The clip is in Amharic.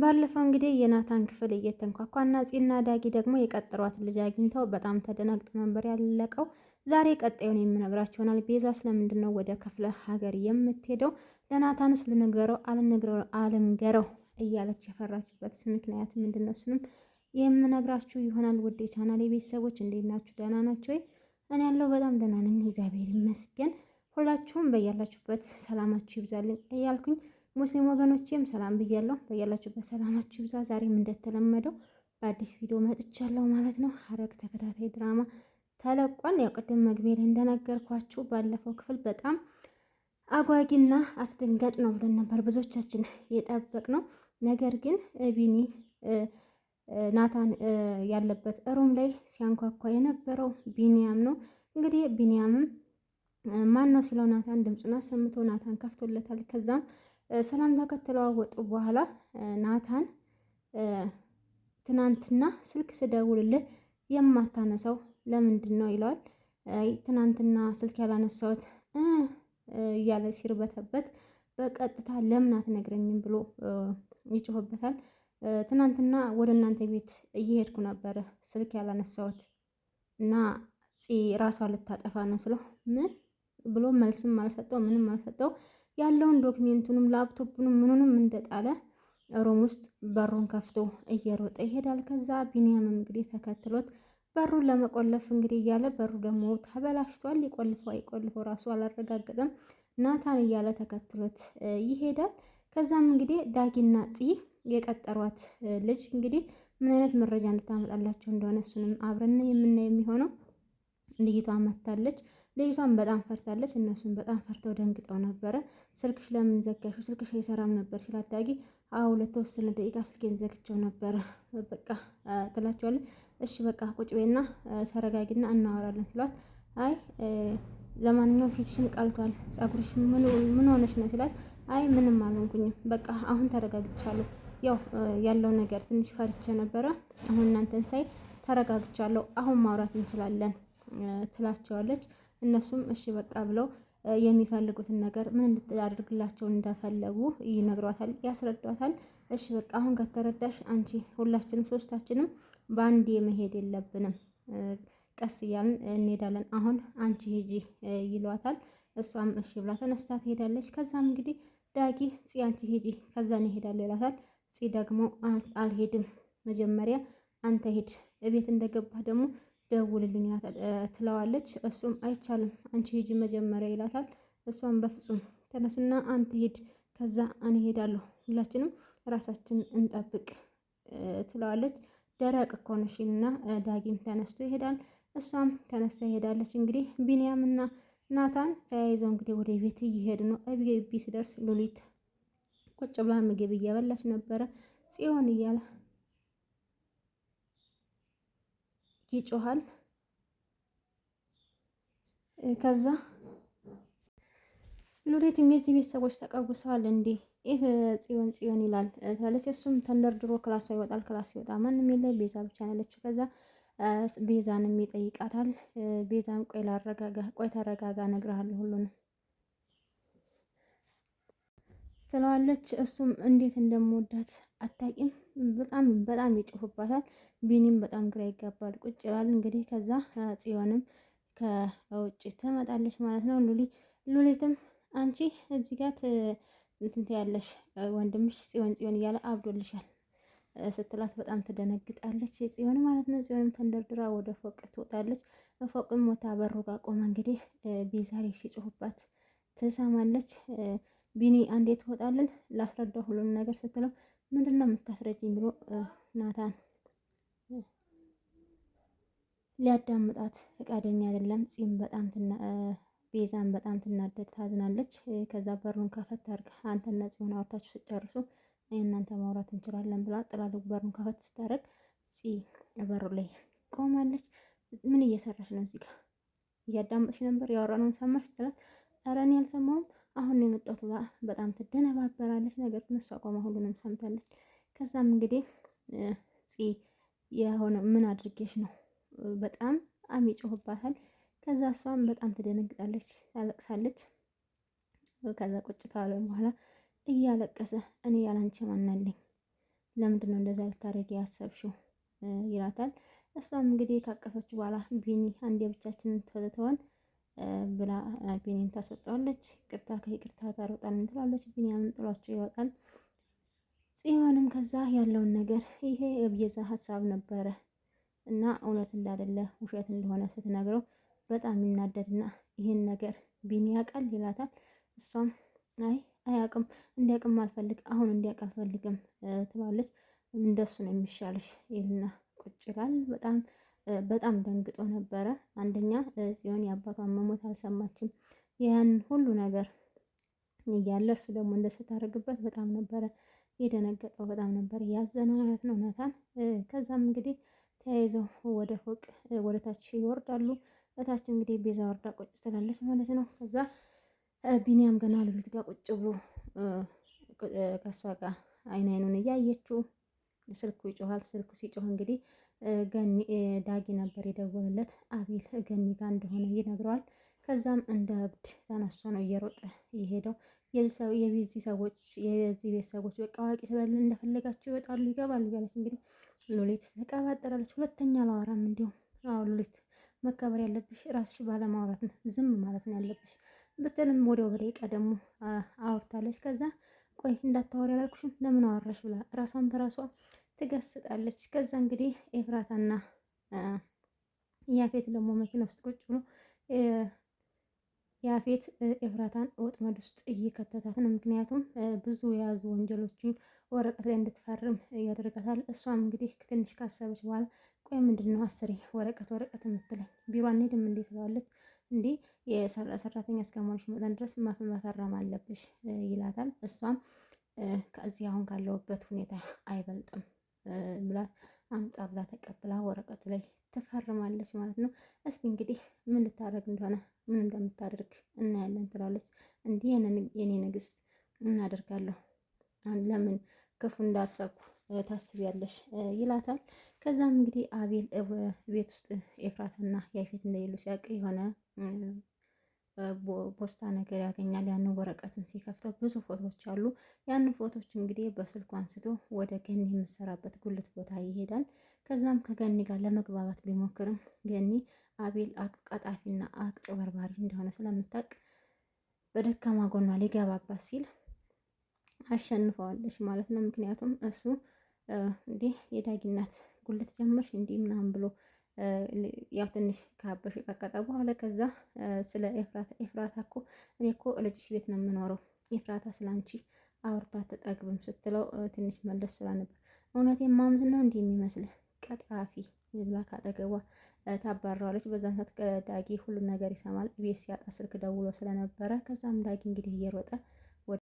ባለፈው እንግዲህ የናታን ክፍል እየተንኳኳ እና ጺና ዳጊ ደግሞ የቀጠሯት ልጅ አግኝተው በጣም ተደናግጦ ነበር ያለቀው። ዛሬ ቀጣዩን የምነግራችሁ ይሆናል። ቤዛ ስለምንድን ነው ወደ ክፍለ ሀገር የምትሄደው? ለናታንስ ልንገረው አልንገረው እያለች የፈራችበት ምክንያት ምንድን ነው? እሱንም የምነግራችሁ ይሆናል። ውድ የቻናል የቤተሰቦች እንዴት ናችሁ? ደህና ናቸው ወይ? እኔ ያለው በጣም ደህና ነኝ፣ እግዚአብሔር ይመስገን። ሁላችሁም በያላችሁበት ሰላማችሁ ይብዛልኝ እያልኩኝ ሙስሊም ወገኖቼም ሰላም ብያለሁ። በያላችሁበት ሰላማችሁ ይብዛ። ዛሬም እንደተለመደው በአዲስ ቪዲዮ መጥቻለሁ ማለት ነው። ሐረግ ተከታታይ ድራማ ተለቋል። ያው ቅድም መግቢያ ላይ እንደነገርኳችሁ ባለፈው ክፍል በጣም አጓጊና አስደንጋጭ ነው ብለን ነበር ብዙዎቻችን የጠበቅ ነው። ነገር ግን ቢኒ ናታን ያለበት እሩም ላይ ሲያንኳኳ የነበረው ቢኒያም ነው። እንግዲህ ቢኒያምም ማን ነው ሲለው ናታን ድምፁን አሰምቶ ናታን ከፍቶለታል። ከዛም ሰላምታ ከተለዋወጡ በኋላ ናታን ትናንትና ስልክ ስደውልልህ የማታነሳው ለምንድን ነው ይለዋል። ትናንትና ስልክ ያላነሳሁት እያለ ሲርበተበት በቀጥታ ለምን አትነግረኝም ብሎ ይጮህበታል። ትናንትና ወደ እናንተ ቤት እየሄድኩ ነበረ ስልክ ያላነሳሁት እና ራሷ ልታጠፋ ነው ስለው ምን ብሎ መልስም አልሰጠው ምንም አልሰጠው። ያለውን ዶክሜንቱንም ላፕቶፑንም ምኑንም እንደጣለ ሩም ውስጥ በሩን ከፍቶ እየሮጠ ይሄዳል። ከዛ ቢንያምም እንግዲህ ተከትሎት በሩን ለመቆለፍ እንግዲህ እያለ በሩ ደግሞ ተበላሽቷል። ይቆልፈው አይቆልፈው ራሱ አላረጋገጠም። ናታን እያለ ተከትሎት ይሄዳል። ከዛም እንግዲህ ዳጊና ጽ የቀጠሯት ልጅ እንግዲህ ምን አይነት መረጃ እንድታመጣላቸው እንደሆነ እሱንም አብረን የምናየው የሚሆነው ልይቷ መታለች። ልጅቷን በጣም ፈርታለች። እነሱን በጣም ፈርተው ደንግጠው ነበረ። ስልክሽ ለምን ዘጋሽው? ስልክሽ አይሰራም ነበር ሲላት አዳጊ አዎ ለተወሰነ ደቂቃ ስልኬን ዘግቼው ነበረ በቃ ትላቸዋለች። እሺ በቃ ቁጭ በይና ተረጋጊና እናወራለን ሲሏት አይ ለማንኛውም ፊትሽም ቀልቷል፣ ጸጉርሽ ምን ሆነሽ ነው ሲላት አይ ምንም አልሆንኩኝም፣ በቃ አሁን ተረጋግቻለሁ። ያው ያለው ነገር ትንሽ ፈርቼ ነበረ። አሁን እናንተን ሳይ ተረጋግቻለሁ። አሁን ማውራት እንችላለን ትላቸዋለች። እነሱም እሺ በቃ ብለው የሚፈልጉትን ነገር ምን እንድታደርግላቸው እንደፈለጉ ይነግሯታል፣ ያስረዷታል። እሺ በቃ አሁን ከተረዳሽ አንቺ ሁላችንም ሶስታችንም በአንድ መሄድ የለብንም ቀስ እያልን እንሄዳለን፣ አሁን አንቺ ሂጂ ይሏታል። እሷም እሺ ብላ ተነስታ ትሄዳለች። ከዛም እንግዲህ ዳጊ ፂ አንቺ ሂጂ ከዛ እኔ ይላታል። ፂ ደግሞ አልሄድም መጀመሪያ አንተ ሄድ። እቤት እንደገባህ ደግሞ ደውልልኝ ትለዋለች። እሱም አይቻልም አንቺ ሂጂ መጀመሪያ ይላታል። እሷም በፍጹም ተነስና አንተ ሂድ፣ ከዛ እኔ ሄዳለሁ፣ ሁላችንም ራሳችን እንጠብቅ ትለዋለች። ደረቅ እኮ ነሽ እና ዳጊም ተነስቶ ይሄዳል። እሷም ተነስታ ይሄዳለች። እንግዲህ ቢንያምና ናታን ተያይዘው እንግዲህ ወደ ቤት እየሄዱ ነው። እቤት ሲደርስ ሉሊት ቁጭ ብላ ምግብ እየበላች ነበረ ጽዮን እያለ ይጮሃል። ከዛ ሉሊትም የዚህ ቤት ሰዎች ተቀውሰዋል እንዴ ይህ ጽዮን ጽዮን ይላል ትላለች። እሱም ተንደርድሮ ክላሷ ይወጣል። ክላስ ይወጣ ማንም የለ ቤዛ ብቻ ያለችው። ከዛ ቤዛንም ይጠይቃታል። ቤዛም ቆይ ላረጋጋ፣ ቆይ ተረጋጋ፣ እነግርሃለሁ ሁሉንም ትለዋለች። እሱም እንዴት እንደምወዳት አታቂም በጣም በጣም ይጮፍባታል። ቢኒም በጣም ግራ ይጋባል፣ ቁጭ ይላል። እንግዲህ ከዛ ጽዮንም ከውጭ ትመጣለች ማለት ነው። ሉሊ ሉሊትም አንቺ እዚህ ጋር ያለሽ ወንድምሽ ጽዮን ጽዮን እያለ አብዶልሻል ስትላት በጣም ትደነግጣለች ጽዮን ማለት ነው። ጽዮንም ተንደርድራ ወደ ፎቅ ትወጣለች። ፎቅም ሞታ በሮ ጋር ቆማ እንግዲህ ቤዛሬ ሲጮህባት ትሰማለች። ቢኒ አንዴ ትወጣለን ላስረዳው ሁሉን ነገር ስትለው ምንድን ነው የምታስረጅኝ ብሎ ናታን ሊያዳምጣት ፈቃደኛ አይደለም። ጺም በጣም ቤዛን በጣም ትናደድ ታዝናለች። ከዛ በሩን ከፈት አድርጋ አንተና ጺሆን አውርታችሁ ስጨርሱ እናንተ ማውራት እንችላለን ብላ ጥላልቅ በሩን ከፈት ስታደርግ ፂ በሩ ላይ ቆማለች። ምን እየሰራች ነው? እዚህ ጋር ነበር ያወራነውን ሰማሽ? ትላት ኧረ እኔ አልሰማሁም አሁን የመጣሁት በጣም ትደነባበራለች። ነገር ግን እሷ ቆማ ሁሉንም ሰምታለች። ከዛም እንግዲህ ፂ የሆነ ምን አድርጌሽ ነው በጣም አሚ ጮህባታል። ከዛ እሷም በጣም ትደነግጣለች፣ ታለቅሳለች። ከዛ ቁጭ ካለ በኋላ እያለቀሰ እኔ ያላንቺ ማናለኝ? ለምንድን ነው እንደዛ ልታደርጊ ያሰብሽው? ይላታል። እሷም እንግዲህ ካቀፈች በኋላ ቢኒ አንዴ ብቻችንን ተወተወን ብላ ቢኒን ታስወጣዋለች። ቅርታ ከይቅርታ ጋር ወጣልን ትላለች። ቢኒያምን ጥሏቸው ይወጣል። ጽዮንም ከዛ ያለውን ነገር ይሄ የብየዛ ሀሳብ ነበረ እና እውነት እንዳደለ ውሸት እንደሆነ ስትነግረው በጣም ይናደድና ይህን ነገር ቢኒ ያውቃል ይላታል። እሷም አይ አያውቅም እንዲያውቅም አልፈልግ አሁን እንዲያውቅ አልፈልግም ትላለች። እንደሱ ነው የሚሻልሽ ይልና ቁጭ ይላል በጣም በጣም ደንግጦ ነበረ። አንደኛ ጽዮን የአባቷን መሞት አልሰማችም። ያን ሁሉ ነገር እያለ እሱ ደግሞ እንደስታደርግበት በጣም ነበረ የደነገጠው፣ በጣም ነበር ያዘነ ማለት ነው ናታን። ከዛም እንግዲህ ተያይዘው ወደ ፎቅ ወደ ታች ይወርዳሉ። በታች እንግዲህ ቤዛ ወርዳ ቁጭ ትላለች ማለት ነው። ከዛ ቢኒያም ገና ሉሊት ጋር ቁጭ ብሎ ከእሷ ጋር አይን አይኑን እያየችው ስልኩ ይጮኋል። ስልኩ ሲጮህ እንግዲህ ገኒ ዳጊ ነበር የደወለለት አቤል ገኒ ጋር እንደሆነ ይነግረዋል። ከዛም እንደ እብድ ተነስቶ ነው እየሮጠ የሄደው። የዚህ ሰዎች የዚህ ቤት ሰዎች በቃ አዋቂ ስለሌለ እንደፈለጋቸው ይወጣሉ ይገባሉ እያለች እንግዲህ ሎሌት ተቀባጠራለች። ሁለተኛ አላወራም እንዲሁም አዎ ሎሌት መከበር ያለብሽ ራስሽ ባለማውራት ነው፣ ዝም ማለት ነው ያለብሽ ብትልም ወደ ወደይ ቀደሙ አውርታለች። ከዛ ቆይ እንዳታወሪ አላልኩሽም ለምን አወራሽ ብላ ራሷን በራሷ ትገስጣለች። ከዛ እንግዲህ ኤፍራታና ያፌት ደግሞ መኪና ውስጥ ቁጭ ብሎ ያፌት ኤፍራታን ወጥመድ ውስጥ እየከተታት ነው። ምክንያቱም ብዙ የያዙ ወንጀሎችን ወረቀት ላይ እንድትፈርም ያደርጋታል። እሷም እንግዲህ ትንሽ ካሰበች በኋላ ቆይ ምንድን ነው አስሬ ወረቀት ወረቀት የምትለኝ ቢሮ አንሄድም እንዴ ትለዋለች። እንዲህ የሰራተኛ እስከመሆንሽ መጠን ድረስ መፈረም አለብሽ ይላታል። እሷም ከዚህ አሁን ካለውበት ሁኔታ አይበልጥም ብላ አምጣ ብላ ተቀብላ ወረቀቱ ላይ ትፈርማለች ማለት ነው። እስኪ እንግዲህ ምን ልታደርግ እንደሆነ ምን እንደምታደርግ እናያለን ትላለች። እንዲህ የኔ ንግስት እናደርጋለሁ ለምን ክፉ እንዳሰብኩ ታስቢያለሽ ይላታል። ከዛም እንግዲህ አቤል ቤት ውስጥ ኤፍራታና ያፌት እንደሌሉ ሲያውቅ የሆነ ፖስታ ነገር ያገኛል። ያንን ወረቀትን ሲከፍተው ብዙ ፎቶዎች አሉ። ያንን ፎቶዎች እንግዲህ በስልኩ አንስቶ ወደ ገኒ የምትሰራበት ጉልት ቦታ ይሄዳል። ከዛም ከገኒ ጋር ለመግባባት ቢሞክርም ገኒ አቤል ቀጣፊና አጭበርባሪ እንደሆነ ስለምታውቅ በደካማ ጎኗ ሊገባባት ሲል አሸንፈዋለች ማለት ነው። ምክንያቱም እሱ እንዲህ የዳጊናት ጉልት ጀመርሽ እንዲህ ምናምን ብሎ ያው ትንሽ ከሀበሽ ቀቀጠ በኋላ ከዛ ስለ ኤፍራታ ኤፍራታ እኮ እኔ እኮ ልጅሽ ቤት ነው የምኖረው ኤፍራታ ስለ አንቺ አውርታ አትጠግብም ስትለው ትንሽ መለስ ስላ ነበር። እውነት ማምት ነው እንዲህ የሚመስል ቀጣፊ ብላ ካጠገቧ ታባረዋለች። በዛን ሰዓት ዳጊ ሁሉም ነገር ይሰማል። ቤት ሲያጣ ስልክ ደውሎ ስለነበረ ከዛም ዳጊ እንግዲህ እየሮጠ